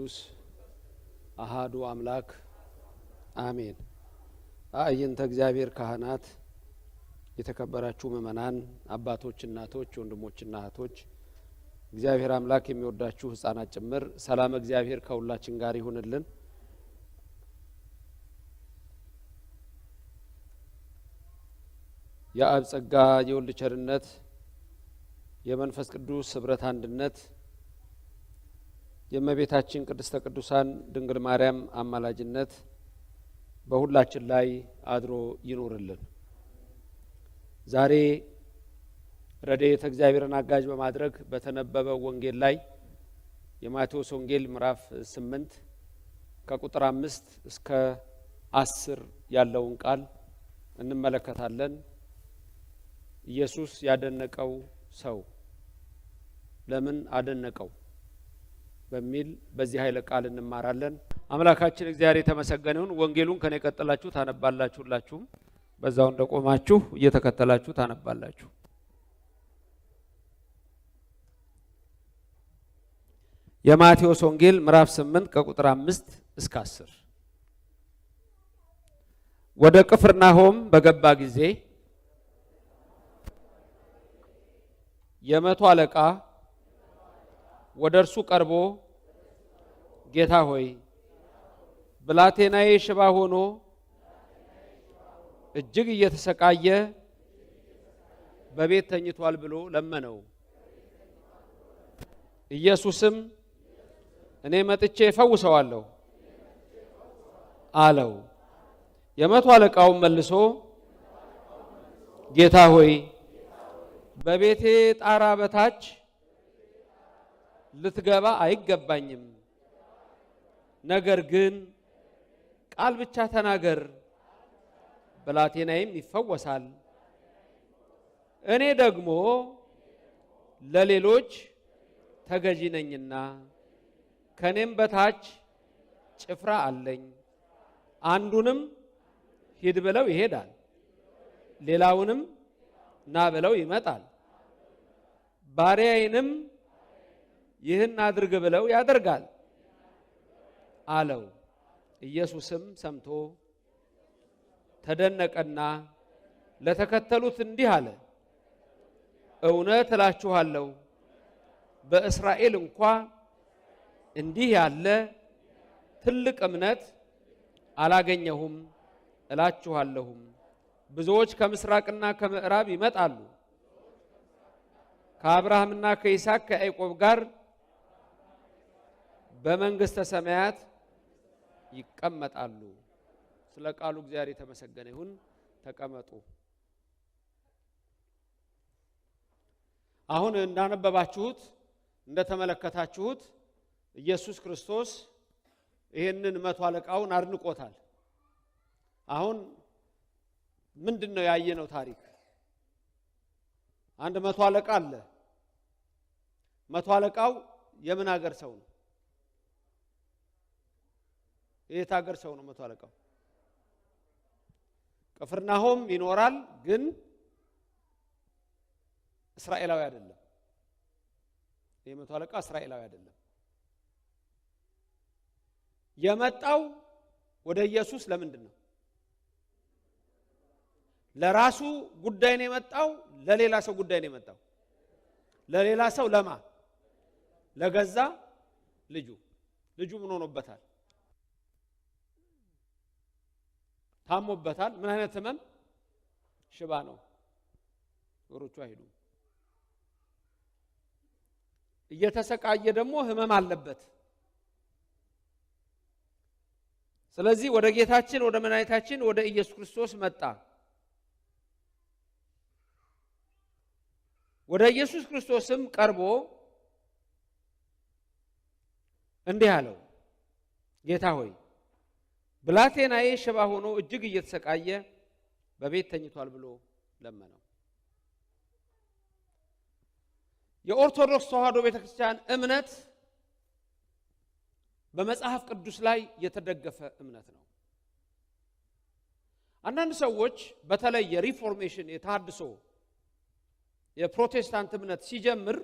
ቅዱስ አሃዱ አምላክ አሜን። አእይንተ እግዚአብሔር ካህናት፣ የተከበራችሁ ምእመናን፣ አባቶች፣ እናቶች፣ ወንድሞችና እህቶች እግዚአብሔር አምላክ የሚወዳችሁ ህጻናት ጭምር ሰላም እግዚአብሔር ከሁላችን ጋር ይሁንልን። የአብ ጸጋ የወልድ ቸርነት የመንፈስ ቅዱስ ህብረት አንድነት የእመቤታችን ቅድስተ ቅዱሳን ድንግል ማርያም አማላጅነት በሁላችን ላይ አድሮ ይኖርልን። ዛሬ ረድኤተ እግዚአብሔርን አጋዥ በማድረግ በተነበበው ወንጌል ላይ የማቴዎስ ወንጌል ምዕራፍ ስምንት ከቁጥር አምስት እስከ አስር ያለውን ቃል እንመለከታለን። ኢየሱስ ያደነቀው ሰው ለምን አደነቀው? በሚል በዚህ ኃይለ ቃል እንማራለን። አምላካችን እግዚአብሔር የተመሰገነውን ወንጌሉን ከኔ ቀጥላችሁ ታነባላችሁላችሁም በዛው እንደቆማችሁ እየተከተላችሁ ታነባላችሁ። የማቴዎስ ወንጌል ምዕራፍ 8 ከቁጥር 5 እስከ 10 ወደ ቅፍርናሆም በገባ ጊዜ የመቶ አለቃ ወደ እርሱ ቀርቦ ጌታ ሆይ ብላቴናዬ ሽባ ሆኖ እጅግ እየተሰቃየ በቤት ተኝቷል ብሎ ለመነው። ኢየሱስም እኔ መጥቼ እፈውሰዋለሁ አለው። የመቶ አለቃውን መልሶ ጌታ ሆይ በቤቴ ጣራ በታች ልትገባ አይገባኝም። ነገር ግን ቃል ብቻ ተናገር፣ ብላቴናይም ይፈወሳል። እኔ ደግሞ ለሌሎች ተገዢ ነኝና ከእኔም በታች ጭፍራ አለኝ። አንዱንም ሂድ ብለው ይሄዳል፣ ሌላውንም ና ብለው ይመጣል። ባሪያዬንም ይህን አድርግ ብለው ያደርጋል አለው። ኢየሱስም ሰምቶ ተደነቀና ለተከተሉት እንዲህ አለ፣ እውነት እላችኋለሁ በእስራኤል እንኳ እንዲህ ያለ ትልቅ እምነት አላገኘሁም። እላችኋለሁም ብዙዎች ከምስራቅና ከምዕራብ ይመጣሉ ከአብርሃምና ከይስሐቅ ከያዕቆብ ጋር በመንግስተ ሰማያት ይቀመጣሉ። ስለ ቃሉ እግዚአብሔር የተመሰገነ ይሁን። ተቀመጡ። አሁን እንዳነበባችሁት እንደተመለከታችሁት ኢየሱስ ክርስቶስ ይህንን መቶ አለቃውን አድንቆታል። አሁን ምንድን ነው ያየነው ታሪክ? አንድ መቶ አለቃ አለ። መቶ አለቃው የምን ሀገር ሰው ነው? የት ሀገር ሰው ነው መቶ አለቃው? ቅፍርናሆም ይኖራል፣ ግን እስራኤላዊ አይደለም። የመቶ አለቃ እስራኤላዊ አይደለም። የመጣው ወደ ኢየሱስ ለምንድን ነው? ለራሱ ጉዳይ ነው የመጣው? ለሌላ ሰው ጉዳይ ነው የመጣው? ለሌላ ሰው ለማ? ለገዛ ልጁ። ልጁ ምን ሆኖበታል? ታሞበታል። ምን አይነት ህመም? ሽባ ነው። ጆሮቹ አይሄዱም። እየተሰቃየ ደግሞ ህመም አለበት። ስለዚህ ወደ ጌታችን ወደ መድኃኒታችን ወደ ኢየሱስ ክርስቶስ መጣ። ወደ ኢየሱስ ክርስቶስም ቀርቦ እንዲህ አለው፣ ጌታ ሆይ ብላቴናዬ ሽባ ሆኖ እጅግ እየተሰቃየ በቤት ተኝቷል ብሎ ለመነው። የኦርቶዶክስ ተዋህዶ ቤተ ክርስቲያን እምነት በመጽሐፍ ቅዱስ ላይ የተደገፈ እምነት ነው። አንዳንድ ሰዎች በተለይ የሪፎርሜሽን የታድሶ የፕሮቴስታንት እምነት ሲጀምር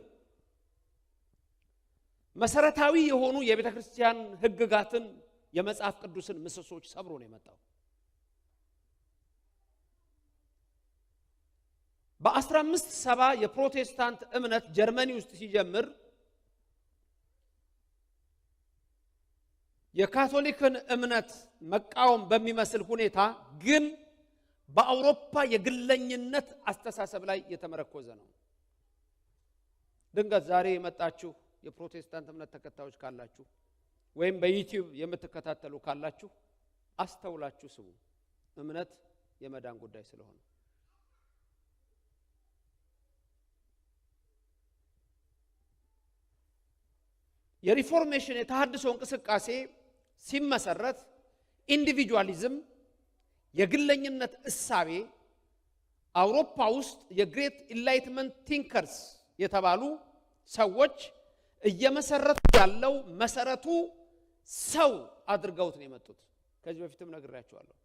መሰረታዊ የሆኑ የቤተ ክርስቲያን ሕግጋትን የመጽሐፍ ቅዱስን ምሰሶች ሰብሮ ነው የመጣው በ ሰባ የፕሮቴስታንት እምነት ጀርመኒ ውስጥ ሲጀምር የካቶሊክን እምነት መቃወም በሚመስል ሁኔታ ግን በአውሮፓ የግለኝነት አስተሳሰብ ላይ የተመረኮዘ ነው ድንገት ዛሬ የመጣችሁ የፕሮቴስታንት እምነት ተከታዮች ካላችሁ ወይም በዩቲዩብ የምትከታተሉ ካላችሁ አስተውላችሁ ስቡ። እምነት የመዳን ጉዳይ ስለሆነ የሪፎርሜሽን የተሃድሶ እንቅስቃሴ ሲመሰረት ኢንዲቪጁዋሊዝም፣ የግለኝነት እሳቤ አውሮፓ ውስጥ የግሬት ኢንላይትመንት ቲንከርስ የተባሉ ሰዎች እየመሰረቱ ያለው መሰረቱ ሰው አድርገውት ነው የመጡት። ከዚህ በፊትም ነግሬያቸዋለሁ።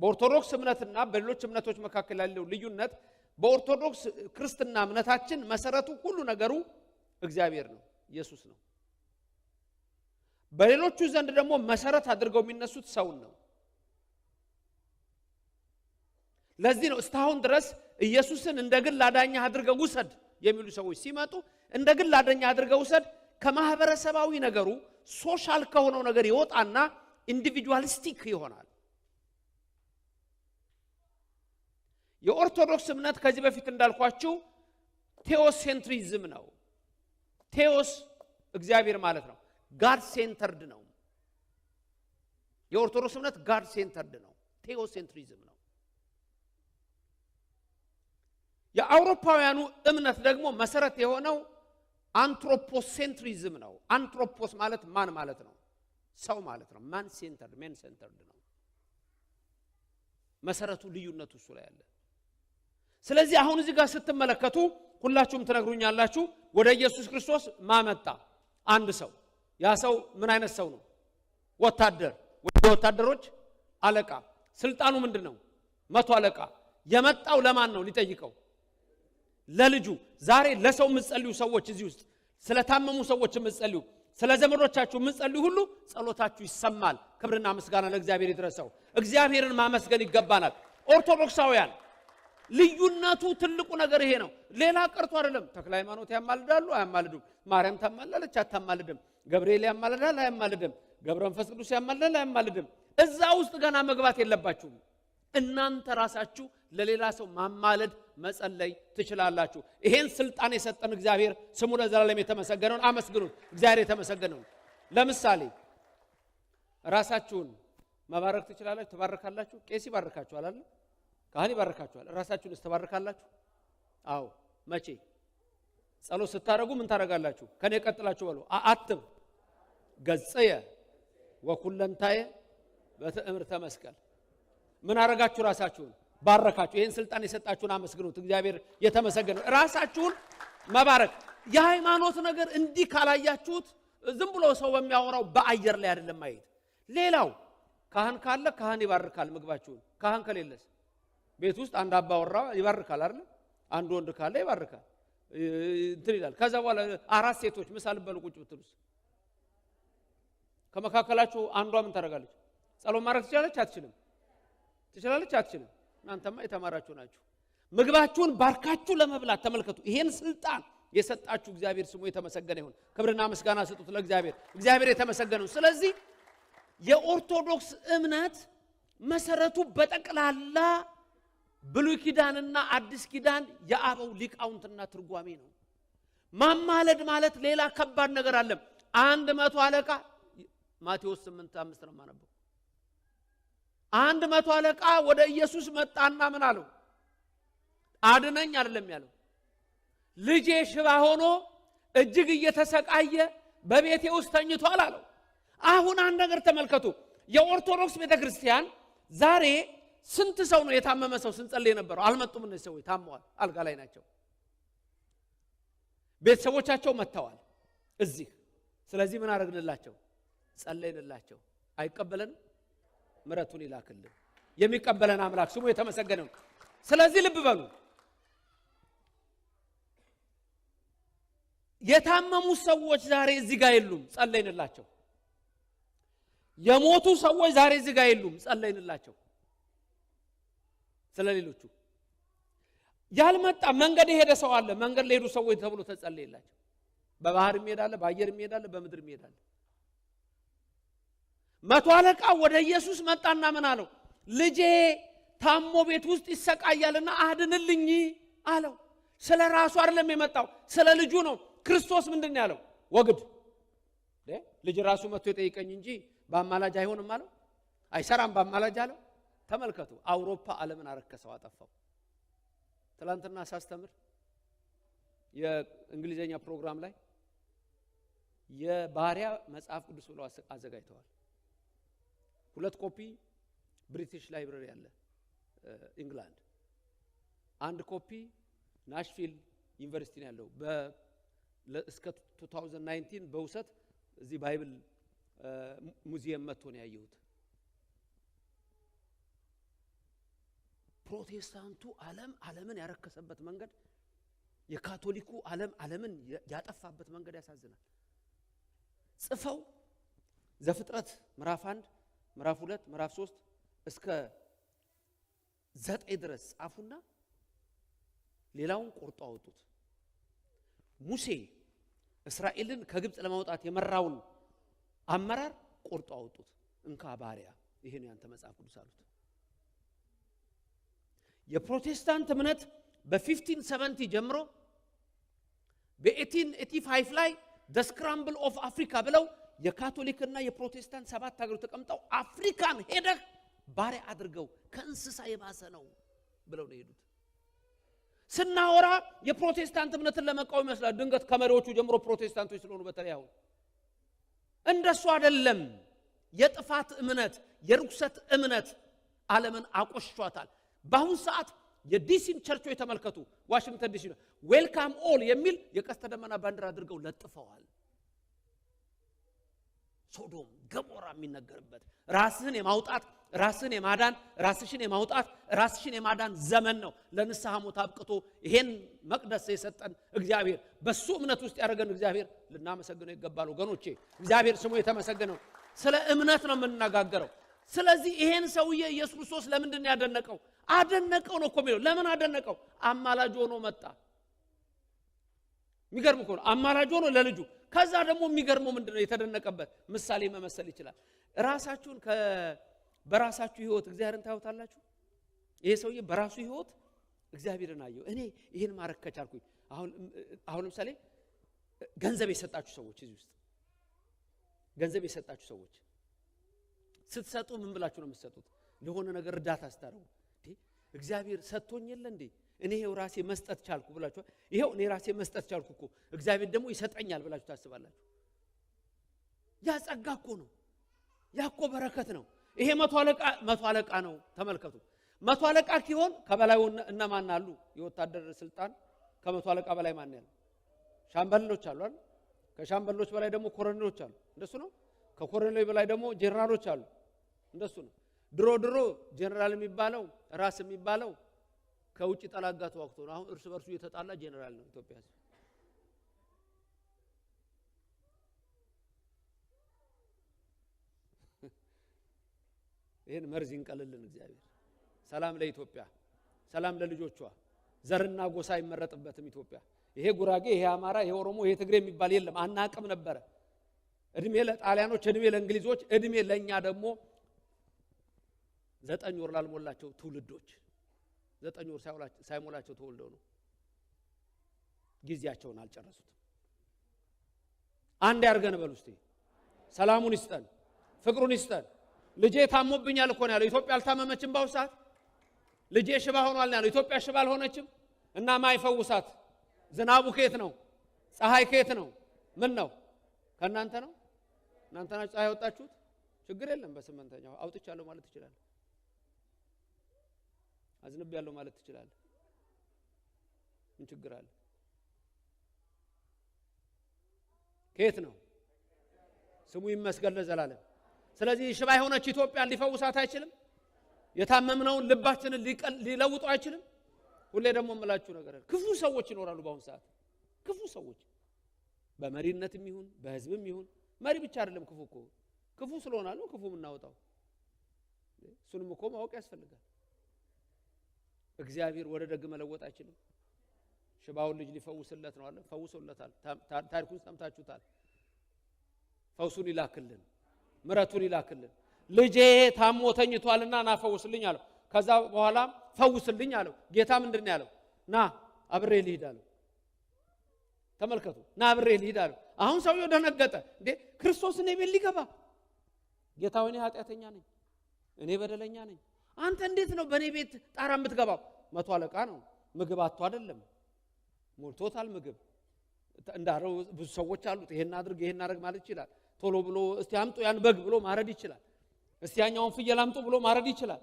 በኦርቶዶክስ እምነትና በሌሎች እምነቶች መካከል ያለው ልዩነት በኦርቶዶክስ ክርስትና እምነታችን መሰረቱ ሁሉ ነገሩ እግዚአብሔር ነው፣ ኢየሱስ ነው። በሌሎቹ ዘንድ ደግሞ መሰረት አድርገው የሚነሱት ሰውን ነው። ለዚህ ነው እስካሁን ድረስ ኢየሱስን እንደ ግል አዳኛ አድርገው ውሰድ የሚሉ ሰዎች ሲመጡ እንደ ግል አዳኛ አድርገው ውሰድ ከማህበረሰባዊ ነገሩ ሶሻል ከሆነው ነገር ይወጣና ኢንዲቪጁዋሊስቲክ ይሆናል። የኦርቶዶክስ እምነት ከዚህ በፊት እንዳልኳችሁ ቴዎሴንትሪዝም ነው። ቴዎስ እግዚአብሔር ማለት ነው። ጋድ ሴንተርድ ነው። የኦርቶዶክስ እምነት ጋድ ሴንተርድ ነው። ቴዎሴንትሪዝም ነው። የአውሮፓውያኑ እምነት ደግሞ መሰረት የሆነው አንትሮፖሴንትሪዝም ነው። አንትሮፖስ ማለት ማን ማለት ነው? ሰው ማለት ነው። ማን ሴንተርድ ሜን ሴንተርድ ነው። መሰረቱ ልዩነቱ እሱ ላይ አለ። ስለዚህ አሁን እዚህ ጋር ስትመለከቱ ሁላችሁም ትነግሩኛላችሁ፣ ወደ ኢየሱስ ክርስቶስ ማመጣ አንድ ሰው ያ ሰው ምን አይነት ሰው ነው? ወታደር ወታደሮች አለቃ። ስልጣኑ ምንድን ነው? መቶ አለቃ። የመጣው ለማን ነው? ሊጠይቀው ለልጁ ዛሬ ለሰው የምትጸልዩ ሰዎች እዚህ ውስጥ ስለታመሙ ሰዎች የምትጸልዩ ስለ ዘመዶቻችሁ የምትጸልዩ ሁሉ ጸሎታችሁ ይሰማል። ክብርና ምስጋና ለእግዚአብሔር ይድረሰው። እግዚአብሔርን ማመስገን ይገባናል። ኦርቶዶክሳውያን ልዩነቱ ትልቁ ነገር ይሄ ነው። ሌላ ቀርቶ አይደለም። ተክለ ሃይማኖት ያማልዳሉ አያማልዱም? ማርያም ታማላለች አታማልድም? ገብርኤል ያማልዳል አያማልድም? ገብረ መንፈስ ቅዱስ ያማልዳል አያማልድም? እዛ ውስጥ ገና መግባት የለባችሁም። እናንተ ራሳችሁ ለሌላ ሰው ማማለድ መጸለይ ትችላላችሁ። ይሄን ስልጣን የሰጠን እግዚአብሔር ስሙ ለዘላለም የተመሰገነውን አመስግኑት። እግዚአብሔር የተመሰገነውን። ለምሳሌ ራሳችሁን መባረክ ትችላላችሁ። ትባርካላችሁ። ቄስ ይባርካችኋል አለ ካህን ይባርካችኋል። ራሳችሁን ትባርካላችሁ? አዎ። መቼ ጸሎት ስታደረጉ ምን ታደረጋላችሁ? ከኔ ቀጥላችሁ በሉ። አአትብ ገጽየ ወኩለንታየ በትእምርተ መስቀል ምን አረጋችሁ? ራሳችሁን ባረካችሁ። ይህን ስልጣን የሰጣችሁን አመስግኑት። እግዚአብሔር የተመሰገነ። ራሳችሁን መባረክ የሃይማኖት ነገር እንዲህ ካላያችሁት ዝም ብሎ ሰው በሚያወራው በአየር ላይ አይደለም ማየት። ሌላው ካህን ካለ ካህን ይባርካል ምግባችሁን። ካህን ከሌለስ ቤት ውስጥ አንድ አባወራ ይባርካል አይደል? አንድ ወንድ ካለ ይባርካል እንትን ይላል። ከዛ በኋላ አራት ሴቶች ምሳ ልበሉ ቁጭ ብትሉስ ከመካከላችሁ አንዷ ምን ታደርጋለች? ጸሎት ማድረግ ትችላለች? አትችልም? ትችላለች? አትችልም። እናንተማ የተማራችሁ ናችሁ። ምግባችሁን ባርካችሁ ለመብላት ተመልከቱ። ይሄን ስልጣን የሰጣችሁ እግዚአብሔር ስሙ የተመሰገነ ይሁን። ክብርና ምስጋና ስጡት ለእግዚአብሔር። እግዚአብሔር የተመሰገነ ስለዚህ የኦርቶዶክስ እምነት መሰረቱ በጠቅላላ ብሉይ ኪዳንና አዲስ ኪዳን የአበው ሊቃውንትና ትርጓሜ ነው። ማማለድ ማለት ሌላ ከባድ ነገር አለም። አንድ መቶ አለቃ ማቴዎስ ስምንት አምስት ነው የማነበው አንድ መቶ አለቃ ወደ ኢየሱስ መጣና ምን አለው? አድነኝ አይደለም ያለው። ልጄ ሽባ ሆኖ እጅግ እየተሰቃየ በቤቴ ውስጥ ተኝቷል አለው። አሁን አንድ ነገር ተመልከቱ። የኦርቶዶክስ ቤተ ክርስቲያን ዛሬ ስንት ሰው ነው የታመመ ሰው ስንጸልይ የነበረው? አልመጡም። እነዚህ ሰዎች ታመዋል፣ አልጋ ላይ ናቸው። ቤተሰቦቻቸው መጥተዋል እዚህ። ስለዚህ ምን አደረግንላቸው? ጸለይንላቸው። አይቀበለንም ምረቱን ይላክልን። የሚቀበለን አምላክ ስሙ የተመሰገነ ስለዚህ ልብ በሉ የታመሙ ሰዎች ዛሬ እዚህ ጋር የሉም፣ ጸለይንላቸው። የሞቱ ሰዎች ዛሬ እዚህ ጋር የሉም፣ ጸለይንላቸው። ስለ ሌሎቹ ያልመጣ መንገድ የሄደ ሰው አለ። መንገድ ለሄዱ ሰዎች ተብሎ ተጸለይላቸው በባህር ይሄዳል፣ በአየር ይሄዳል፣ በምድር ይሄዳል። መቶ አለቃ ወደ ኢየሱስ መጣና ምን አለው? ልጄ ታሞ ቤት ውስጥ ይሰቃያልና አድንልኝ አለው። ስለ ራሱ አይደለም የመጣው ስለ ልጁ ነው። ክርስቶስ ምንድን ያለው? ወግድ ልጅ ራሱ መጥቶ የጠይቀኝ እንጂ በአማላጅ አይሆንም አለው። አይሰራም በአማላጅ አለው። ተመልከቱ፣ አውሮፓ ዓለምን አረከሰው፣ አጠፋው። ትላንትና ሳስተምር የእንግሊዝኛ ፕሮግራም ላይ የባሪያ መጽሐፍ ቅዱስ ብለው አዘጋጅተዋል። ሁለት ኮፒ ብሪቲሽ ላይብረሪ አለ ኢንግላንድ፣ አንድ ኮፒ ናሽቪል ዩኒቨርሲቲ ነው ያለው። እስከ 2019 በውሰት እዚህ ባይብል ሙዚየም መጥቶ ነው ያየሁት። ፕሮቴስታንቱ ዓለም ዓለምን ያረከሰበት መንገድ የካቶሊኩ ዓለም ዓለምን ያጠፋበት መንገድ ያሳዝናል። ጽፈው ዘፍጥረት ምዕራፍ አንድ ምዕራፍ ሁለት ምዕራፍ ሶስት እስከ ዘጠኝ ድረስ ጻፉና ሌላውን ቆርጦ አወጡት። ሙሴ እስራኤልን ከግብፅ ለማውጣት የመራውን አመራር ቆርጦ አወጡት። እንካ ባሪያ፣ ይህን ያንተ መጽሐፍ ቅዱስ አሉት። የፕሮቴስታንት እምነት በ1570 ጀምሮ በ1885 ላይ ደ ስክራምብል ኦፍ አፍሪካ ብለው የካቶሊክና የፕሮቴስታንት ሰባት ሀገሮች ተቀምጠው አፍሪካን ሄደህ ባሪያ አድርገው ከእንስሳ የባሰ ነው ብለው ነው የሄዱት። ስናወራ የፕሮቴስታንት እምነትን ለመቃወም ይመስላል። ድንገት ከመሪዎቹ ጀምሮ ፕሮቴስታንቶች ስለሆኑ በተለይ አሁን እንደሱ አይደለም። የጥፋት እምነት፣ የርኩሰት እምነት ዓለምን አቆሽሿታል። በአሁን ሰዓት የዲሲን ቸርቾች የተመልከቱ ዋሽንግተን ዲሲ ዌልካም ኦል የሚል የቀስተ ደመና ባንዲራ አድርገው ለጥፈዋል። ሶዶም ገሞራ የሚነገርበት ራስህን የማውጣት ራስህን የማዳን ራስሽን የማውጣት ራስሽን የማዳን ዘመን ነው። ለንስሐ ሞት አብቅቶ ይሄን መቅደስ የሰጠን እግዚአብሔር በሱ እምነት ውስጥ ያደረገን እግዚአብሔር ልናመሰግነው ይገባል። ወገኖቼ እግዚአብሔር ስሙ የተመሰገነው። ስለ እምነት ነው የምንነጋገረው። ስለዚህ ይሄን ሰውዬ ኢየሱስ ክርስቶስ ለምንድን ያደነቀው? አደነቀው ነው እኮ የሚለው። ለምን አደነቀው? አማላጅ ሆኖ መጣ። የሚገርም ነው። አማላጅ ሆኖ ለልጁ ከዛ ደግሞ የሚገርመው ምንድን ነው የተደነቀበት ምሳሌ መመሰል ይችላል። ራሳችሁን በራሳችሁ ህይወት እግዚአብሔርን ታዩታላችሁ። ይሄ ሰውዬ በራሱ ህይወት እግዚአብሔርን አየው። እኔ ይህን ማድረግ ከቻልኩኝ አሁን ለምሳሌ ገንዘብ የሰጣችሁ ሰዎች እዚህ ውስጥ ገንዘብ የሰጣችሁ ሰዎች ስትሰጡ ምን ብላችሁ ነው የምትሰጡት? ለሆነ ነገር እርዳታ ስታደርጉ እግዚአብሔር ሰጥቶኝ የለ እንዴ እኔ ይሄው ራሴ መስጠት ቻልኩ ብላችሁ ይሄው እኔ ራሴ መስጠት ቻልኩ እኮ እግዚአብሔር ደግሞ ይሰጠኛል ብላችሁ ታስባላችሁ። ያ ጸጋ እኮ ነው። ያ እኮ በረከት ነው። ይሄ መቶ አለቃ መቶ አለቃ ነው። ተመልከቱ። መቶ አለቃ ሲሆን ከበላዩ እነማን አሉ? የወታደር ስልጣን ከመቶ አለቃ በላይ ማን ያለ? ሻምበሎች አሉ አይደል? ከሻምበሎች በላይ ደግሞ ኮሎኔሎች አሉ። እንደሱ ነው። ከኮሎኔሎች በላይ ደግሞ ጄኔራሎች አሉ። እንደሱ ነው። ድሮ ድሮ ጄኔራል የሚባለው ራስ የሚባለው ከውጭ ጠላት ጋር ተዋግቶ ነው። አሁን እርስ በርሱ የተጣላ ጄኔራል ነው ኢትዮጵያ ህዝብ። ይህን መርዝ ይንቀልልን እግዚአብሔር። ሰላም ለኢትዮጵያ፣ ሰላም ለልጆቿ። ዘርና ጎሳ አይመረጥበትም ኢትዮጵያ። ይሄ ጉራጌ፣ ይሄ አማራ፣ ይሄ ኦሮሞ፣ ይሄ ትግሬ የሚባል የለም። አናቅም ነበረ። እድሜ ለጣሊያኖች፣ እድሜ ለእንግሊዞች፣ እድሜ ለእኛ ደግሞ ዘጠኝ ወር ላልሞላቸው ትውልዶች ዘጠኝ ወር ሳይሞላቸው ተወልደው ነው። ጊዜያቸውን አልጨረሱትም። አንድ ያርገን በል ውስቴ ሰላሙን ይስጠን፣ ፍቅሩን ይስጠን። ልጄ ታሞብኛል እኮ ነው ያለው። ኢትዮጵያ አልታመመችም። በአሁኑ ሰዓት ልጄ ሽባ ሆኗል ነው ያለው። ኢትዮጵያ ሽባ አልሆነችም። እና ማይፈውሳት ዝናቡ ከየት ነው? ፀሐይ ከየት ነው? ምን ነው? ከእናንተ ነው። እናንተ ናችሁ ፀሐይ ወጣችሁት? ችግር የለም። በስምንተኛው አውጥቻለሁ ማለት ይችላል። አዝንብ ያለው ማለት ትችላለህ ምን ችግር አለ ከየት ነው ስሙ ይመስገን ለዘላለም ስለዚህ ሽባ የሆነች ኢትዮጵያ ሊፈውሳት አይችልም የታመምነውን ልባችንን ሊለውጡ አይችልም ሁሌ ደግሞ የምላችሁ ነገር ክፉ ሰዎች ይኖራሉ በአሁኑ ሰዓት ክፉ ሰዎች በመሪነትም ይሁን በህዝብም ይሁን መሪ ብቻ አይደለም ክፉ እኮ ክፉ ስለሆናለሁ ክፉ የምናወጣው እሱንም እኮ ማወቅ ያስፈልጋል እግዚአብሔር ወደ ደግ መለወጥ አይችልም። ሽባውን ልጅ ሊፈውስለት ነው አለ። ፈውሶለታል። ታሪኩን ሰምታችሁታል። ፈውሱን ይላክልን፣ ምረቱን ይላክልን። ልጄ ታሞ ተኝቷልና ና ፈውስልኝ አለው። ከዛ በኋላ ፈውስልኝ አለው። ጌታ ምንድን ያለው? ና አብሬ ልሂድ አለው። ተመልከቱ። ና አብሬ ልሂድ አለው። አሁን ሰውየው ደነገጠ። እንዴ ክርስቶስ እኔ ቤት ሊገባ ጌታ፣ እኔ ኃጢአተኛ ነኝ፣ እኔ በደለኛ ነኝ። አንተ እንዴት ነው በእኔ ቤት ጣራ የምትገባው? መቶ አለቃ ነው። ምግብ አቶ አይደለም ሞልቶታል። ምግብ እንዳረው ብዙ ሰዎች አሉት። ይሄን አድርግ ይሄን አድርግ ማለት ይችላል። ቶሎ ብሎ እስቲ አምጡ ያን በግ ብሎ ማረድ ይችላል። እስቲ ያኛውን ፍየል አምጡ ብሎ ማረድ ይችላል።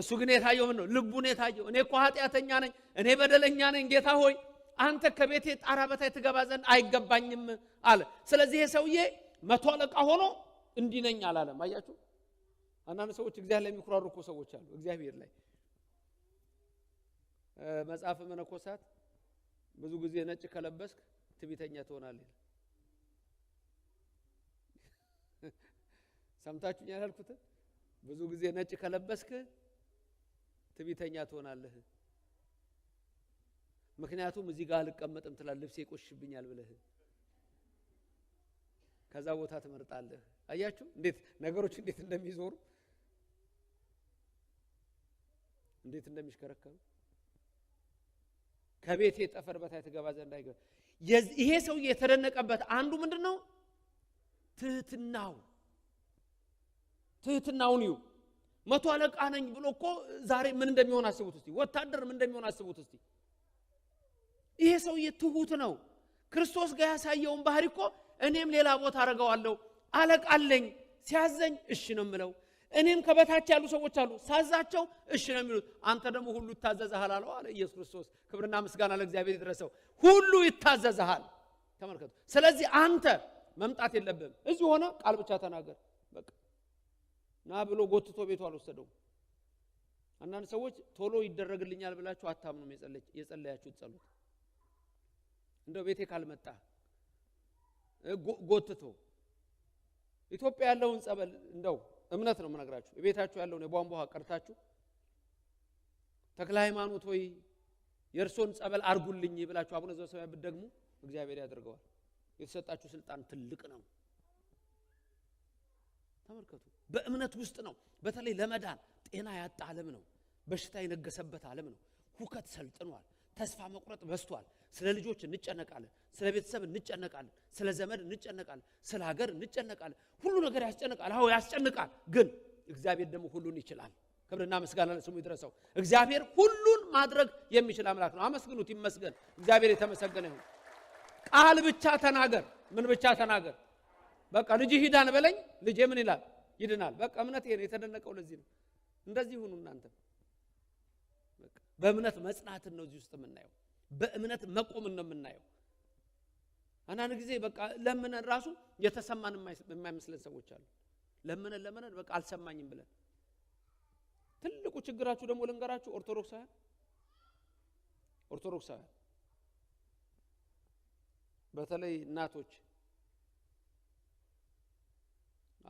እሱ ግን የታየው ምን ነው? ልቡን የታየው እኔ እኮ ኃጢአተኛ ነኝ፣ እኔ በደለኛ ነኝ፣ ጌታ ሆይ አንተ ከቤቴ ጣራ በታይ ትገባ ዘንድ አይገባኝም አለ። ስለዚህ ይሄ ሰውዬ መቶ አለቃ ሆኖ እንዲነኝ አላለም። አያችሁ፣ አንዳንድ ሰዎች እግዚአብሔር ላይ የሚኩራሩ እኮ ሰዎች አሉ። እግዚአብሔር ላይ መጽሐፈ መነኮሳት ብዙ ጊዜ ነጭ ከለበስክ ትቢተኛ ትሆናለህ። ሰምታችሁኝ ያላልኩትን ብዙ ጊዜ ነጭ ከለበስክ ትቢተኛ ትሆናለህ። ምክንያቱም እዚህ ጋር አልቀመጥም ትላል ልብሴ ይቆሽብኛል ብለህ ከዛ ቦታ ትመርጣለህ። አያችሁ እንዴት ነገሮች እንዴት እንደሚዞሩ እንዴት እንደሚሽከረከሩ ከቤቴ ጠፈር በታይ ትገባ ዘንድ አይገ ይሄ ሰውዬ የተደነቀበት አንዱ ምንድን ነው? ትህትናው ትህትናውን መቶ አለቃ ነኝ ብሎ እኮ ዛሬ ምን እንደሚሆን አስቡት እስቲ። ወታደር ምን እንደሚሆን አስቡት እስቲ። ይሄ ሰውዬ ትሁት ነው። ክርስቶስ ጋር ያሳየውን ባህሪ እኮ እኔም ሌላ ቦታ አደርገዋለሁ። አለቃ አለኝ፣ ሲያዘኝ እሺ ነው የምለው እኔም ከበታች ያሉ ሰዎች አሉ። ሳዛቸው እሺ ነው የሚሉት። አንተ ደግሞ ሁሉ ይታዘዝሃል አለው አለ ኢየሱስ ክርስቶስ። ክብርና ምስጋና ለእግዚአብሔር ይድረሰው። ሁሉ ይታዘዝሃል። ተመልከቱ። ስለዚህ አንተ መምጣት የለብህም። እዚህ ሆነ ቃል ብቻ ተናገር በቃ ና ብሎ ጎትቶ ቤቱ አልወሰደውም። አንዳንድ ሰዎች ቶሎ ይደረግልኛል ብላችሁ አታምኑም። የጸለያችሁ ጸሎት እንደው ቤቴ ካልመጣ ጎትቶ ኢትዮጵያ ያለውን ጸበል እንደው እምነት ነው የምነግራችሁ። የቤታችሁ ያለውን የቧንቧ ውሃ ቀርታችሁ ተክለ ሃይማኖት ሆይ የእርሶን ጸበል አርጉልኝ ብላችሁ አቡነ ዘበሰማያት ብትደግሙ እግዚአብሔር ያደርገዋል። የተሰጣችሁ ስልጣን ትልቅ ነው። ተመልከቱ። በእምነት ውስጥ ነው። በተለይ ለመዳን ጤና ያጣ ዓለም ነው። በሽታ የነገሰበት ዓለም ነው። ሁከት ሰልጥኗል። ተስፋ መቁረጥ በስቷል። ስለ ልጆች እንጨነቃለን፣ ስለ ቤተሰብ እንጨነቃለን፣ ስለ ዘመድ እንጨነቃለን፣ ስለ ሀገር እንጨነቃለን። ሁሉ ነገር ያስጨንቃል። አዎ ያስጨንቃል። ግን እግዚአብሔር ደግሞ ሁሉን ይችላል። ክብርና ምስጋና ለስሙ ይድረሰው። እግዚአብሔር ሁሉን ማድረግ የሚችል አምላክ ነው። አመስግኑት፣ ይመስገን። እግዚአብሔር የተመሰገነ ይሁን። ቃል ብቻ ተናገር። ምን ብቻ ተናገር? በቃ ልጅ ሂዳን በለኝ። ልጄ ምን ይላል? ይድናል። በቃ እምነት ይሄ የተደነቀው ለዚህ ነው። እንደዚህ ሁኑ እናንተ በእምነት መጽናትን ነው እዚህ ውስጥ የምናየው። በእምነት መቆምን ነው የምናየው። አንዳንድ ጊዜ በቃ ለምነን ራሱ የተሰማን የማይመስለን ሰዎች አሉ። ለምነን ለምነን በቃ አልሰማኝም ብለን ትልቁ ችግራችሁ ደግሞ ልንገራችሁ፣ ኦርቶዶክሳውያን ኦርቶዶክሳውያን በተለይ እናቶች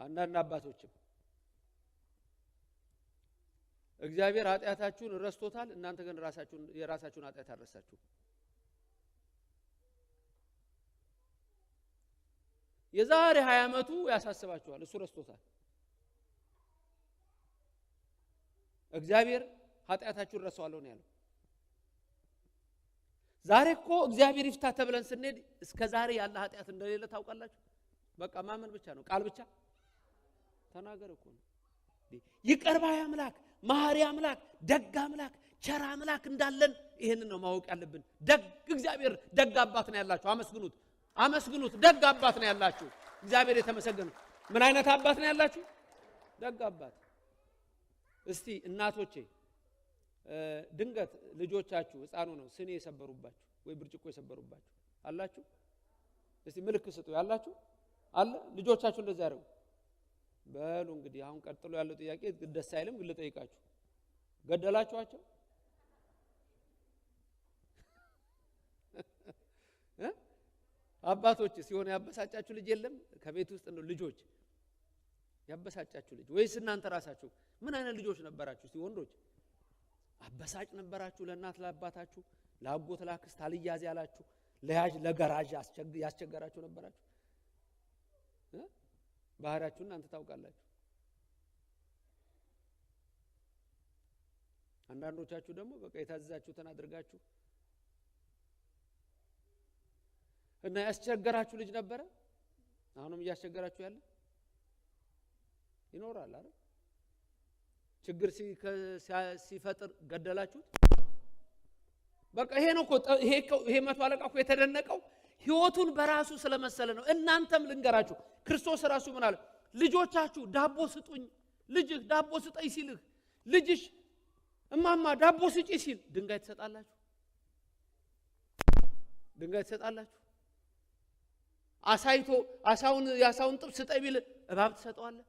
አንዳንድ አባቶችም እግዚአብሔር ኃጢአታችሁን ረስቶታል። እናንተ ግን ራሳችሁን የራሳችሁን ኃጢአት አረሳችሁ የዛሬ ሀያ ዓመቱ ያሳስባችኋል፣ እሱ ረስቶታል። እግዚአብሔር ኃጢአታችሁን ረሰዋለሁ ነው ያለው። ዛሬ እኮ እግዚአብሔር ይፍታ ተብለን ስንሄድ እስከ ዛሬ ያለ ኃጢአት እንደሌለ ታውቃላችሁ። በቃ ማመን ብቻ ነው። ቃል ብቻ ተናገር እኮ ነው። ይቅር ባይ አምላክ ማህሪ አምላክ፣ ደግ አምላክ፣ ቸር አምላክ እንዳለን ይህንን ነው ማወቅ ያለብን። ደግ እግዚአብሔር ደግ አባት ነው ያላችሁ። አመስግኑት፣ አመስግኑት። ደግ አባት ነው ያላችሁ። እግዚአብሔር የተመሰገነ። ምን አይነት አባት ነው ያላችሁ? ደግ አባት። እስቲ እናቶቼ ድንገት ልጆቻችሁ ህፃኑ ነው ስኔ የሰበሩባችሁ ወይ ብርጭቆ የሰበሩባችሁ አላችሁ? እስቲ ምልክ ስጡ። ያላችሁ አለ ልጆቻችሁ እንደዛ ያደርጉ በሉ እንግዲህ አሁን ቀጥሎ ያለው ጥያቄ ደስ አይልም፣ ግን ልጠይቃችሁ። ገደላችኋቸው? አባቶች ሲሆን ያበሳጫችሁ ልጅ የለም? ከቤት ውስጥ ነው ልጆች ያበሳጫችሁ ልጅ ወይስ እናንተ ራሳችሁ? ምን አይነት ልጆች ነበራችሁ? ሲወንዶች ወንዶች አበሳጭ ነበራችሁ? ለእናት ለአባታችሁ፣ ለአጎት ለአክስት አልያዝ ያላችሁ፣ ለያዥ ለገራዥ ያስቸገራችሁ ነበራችሁ? ባህሪያችሁን እናንተ ታውቃላችሁ። አንዳንዶቻችሁ ደግሞ በቃ የታዘዛችሁትን አድርጋችሁ እና ያስቸገራችሁ ልጅ ነበረ። አሁንም እያስቸገራችሁ ያለ ይኖራል አይደል? ችግር ሲፈጥር ገደላችሁት። በቃ ይሄ ነው እኮ ይሄ መቶ አለቃ እኮ የተደነቀው ህይወቱን በራሱ ስለመሰለ ነው። እናንተም ልንገራችሁ፣ ክርስቶስ ራሱ ምን አለ? ልጆቻችሁ ዳቦ ስጡኝ፣ ልጅህ ዳቦ ስጠኝ ሲልህ፣ ልጅሽ እማማ ዳቦ ስጪ ሲል ድንጋይ ትሰጣላችሁ? ድንጋይ ትሰጣላችሁ? አሳይቶ አሳውን የአሳውን ጥብስ ስጠኝ ቢል እባብ ትሰጠዋለህ?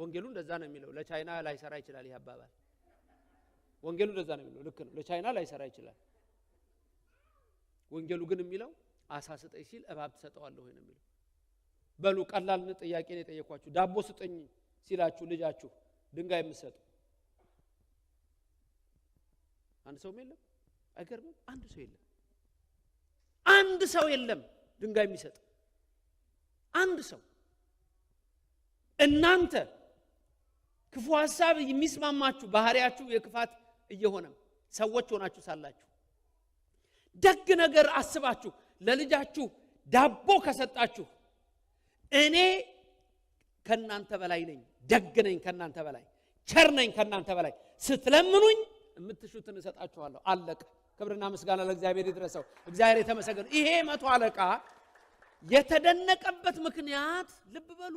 ወንጌሉ እንደዛ ነው የሚለው። ለቻይና ላይሰራ ይችላል ይህ አባባል። ወንጌሉ እንደዛ ነው የሚለው። ልክ ነው። ለቻይና ላይሰራ ይችላል። ወንጌሉ ግን የሚለው አሳ ስጠኝ ሲል እባብ ትሰጠዋለሁ ወይ ነው የሚለው። በሉ ቀላል ጥያቄ ነው የጠየኳችሁ። ዳቦ ስጠኝ ሲላችሁ ልጃችሁ ድንጋይ የምትሰጡ አንድ ሰውም የለም። አይገርምም? አንድ ሰው የለም። አንድ ሰው የለም ድንጋይ የሚሰጥ አንድ ሰው። እናንተ ክፉ ሀሳብ የሚስማማችሁ ባህሪያችሁ የክፋት እየሆነም ሰዎች ሆናችሁ ሳላችሁ ደግ ነገር አስባችሁ ለልጃችሁ ዳቦ ከሰጣችሁ እኔ ከእናንተ በላይ ነኝ፣ ደግ ነኝ፣ ከእናንተ በላይ ቸር ነኝ፣ ከእናንተ በላይ ስትለምኑኝ የምትሹትን እሰጣችኋለሁ። አለቀ። ክብርና ምስጋና ለእግዚአብሔር ይድረሰው። እግዚአብሔር የተመሰገነ። ይሄ መቶ አለቃ የተደነቀበት ምክንያት ልብ በሉ።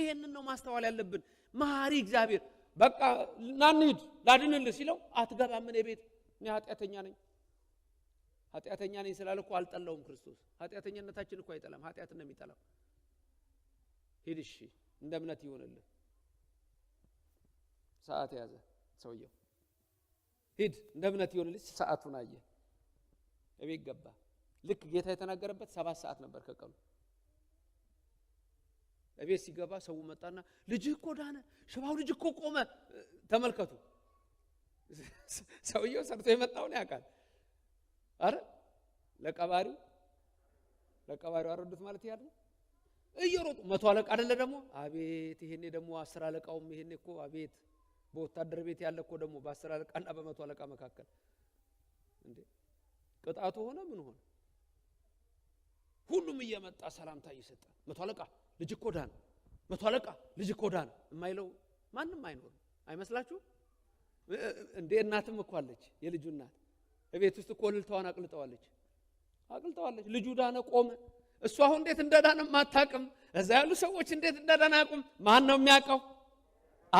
ይሄንን ነው ማስተዋል ያለብን። መሀሪ እግዚአብሔር በቃ ናንሂድ ላድንል ሲለው አትገባም ቤት እኔ ኃጢአተኛ ነኝ ኃጢአተኛ ነኝ ስላለ እኮ አልጠላውም። ክርስቶስ ኃጢአተኛነታችን እኮ አይጠላም፣ ኃጢአት ነው የሚጠላው። ሂድ እሺ፣ እንደ እምነት ይሆንልህ። ሰዓት ያዘ ሰውየው። ሂድ እንደ እምነት ይሆንልህ። ሰዓቱን አየ፣ እቤት ገባ። ልክ ጌታ የተናገረበት ሰባት ሰዓት ነበር ከቀኑ። እቤት ሲገባ ሰው መጣና ልጅ እኮ ዳነ፣ ሽባው ልጅ እኮ ቆመ። ተመልከቱ፣ ሰውየው ሰርቶ የመጣውን ያውቃል። አረ ለቀባሪው ለቀባሪው አረዱት ማለት ያለ እየሮጡ መቶ አለቃ አይደለ ደግሞ አቤት ይሄኔ ደግሞ አስር አለቃውም ይሄኔ እኮ አቤት በወታደር ቤት ያለ እኮ ደግሞ በአስር አለቃና በመቶ አለቃ መካከል እንዴ ቅጣቱ ሆነ ምን ሆነ ሁሉም እየመጣ ሰላምታ እየሰጠ መቶ አለቃ ልጅ እኮ ዳነ መቶ አለቃ ልጅ እኮ ዳነ የማይለው ማንም አይኖርም አይመስላችሁ እንዴ እናትም እኮ አለች የልጁ እናት እቤት ውስጥ እኮ ልልተዋን አቅልጠዋለች አቅልጠዋለች። ልጁ ዳነ ቆመ። እሱ አሁን እንዴት እንደዳነ ማታቅም። እዛ ያሉ ሰዎች እንዴት እንደዳነ አያውቁም። ማን ነው የሚያውቀው?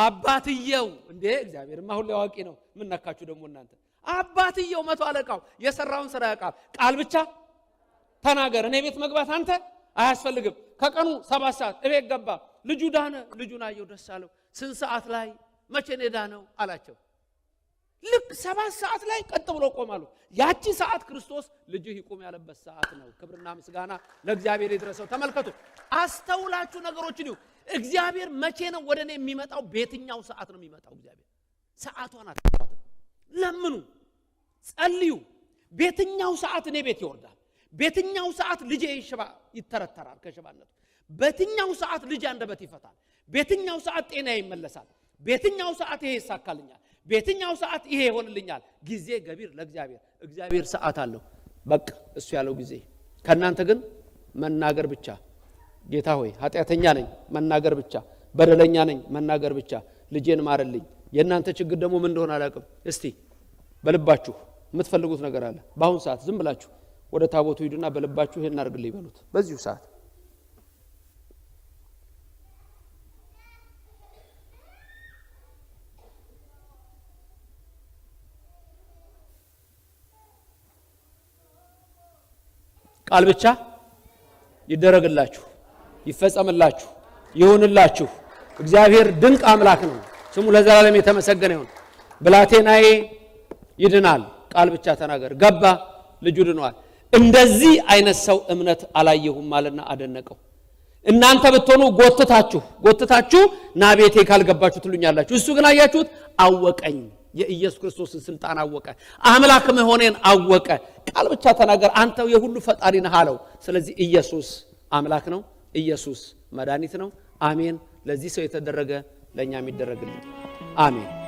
አባትየው። እንዴ እግዚአብሔር ላይ አዋቂ ነው። ምን ደግሞ እናንተ። አባትየው መቶ አለቃው የሰራውን ስራ ያውቃል። ቃል ብቻ ተናገር። እኔ ቤት መግባት አንተ አያስፈልግም። ከቀኑ ሰባት ሰዓት እቤት ገባ። ልጁ ዳነ። ልጁን አየው፣ ደስ አለው። ስንት ሰዓት ላይ መቼ ነው አላቸው። ልብ ሰባት ሰዓት ላይ ቀጥ ብሎ ቆማሉ። ያቺ ሰዓት ክርስቶስ ልጅህ ይቁም ያለበት ሰዓት ነው። ክብርና ምስጋና ለእግዚአብሔር ይድረሰው። ተመልከቱ፣ አስተውላችሁ ነገሮችን ይሁ። እግዚአብሔር መቼ ነው ወደ እኔ የሚመጣው? በየትኛው ሰዓት ነው የሚመጣው? እግዚአብሔር ሰዓቷን አትቋጥም። ለምኑ፣ ጸልዩ። በየትኛው ሰዓት እኔ ቤት ይወርዳል? በየትኛው ሰዓት ልጄ ይሽባ ይተረተራል ከሽባነቱ? በየትኛው ሰዓት ልጅ አንደበት ይፈታል? በየትኛው ሰዓት ጤና ይመለሳል? በየትኛው ሰዓት ይሄ ይሳካልኛል? በየትኛው ሰዓት ይሄ ይሆንልኛል? ጊዜ ገቢር ለእግዚአብሔር እግዚአብሔር ሰዓት አለው። በቃ እሱ ያለው ጊዜ ከእናንተ ግን መናገር ብቻ። ጌታ ሆይ ኃጢአተኛ ነኝ መናገር ብቻ፣ በደለኛ ነኝ መናገር ብቻ፣ ልጄን ማርልኝ። የእናንተ ችግር ደግሞ ምን እንደሆነ አላውቅም። እስቲ በልባችሁ የምትፈልጉት ነገር አለ። በአሁኑ ሰዓት ዝም ብላችሁ ወደ ታቦቱ ሂዱና በልባችሁ ይሄን አድርግልኝ በሉት በዚሁ ሰዓት ቃል ብቻ ይደረግላችሁ፣ ይፈጸምላችሁ፣ ይሁንላችሁ። እግዚአብሔር ድንቅ አምላክ ነው። ስሙ ለዘላለም የተመሰገነ ይሁን። ብላቴናዬ ይድናል፣ ቃል ብቻ ተናገር። ገባ፣ ልጁ ድኗል። እንደዚህ አይነት ሰው እምነት አላየሁም አለና አደነቀው። እናንተ ብትሆኑ ጎትታችሁ ጎትታችሁ ና ቤቴ ካልገባችሁ ትሉኛላችሁ። እሱ ግን አያችሁት፣ አወቀኝ የኢየሱስ ክርስቶስን ስልጣን አወቀ። አምላክ መሆኔን አወቀ። ቃል ብቻ ተናገር፣ አንተው የሁሉ ፈጣሪ ነህ አለው። ስለዚህ ኢየሱስ አምላክ ነው። ኢየሱስ መድኃኒት ነው። አሜን። ለዚህ ሰው የተደረገ ለእኛ የሚደረግልን አሜን።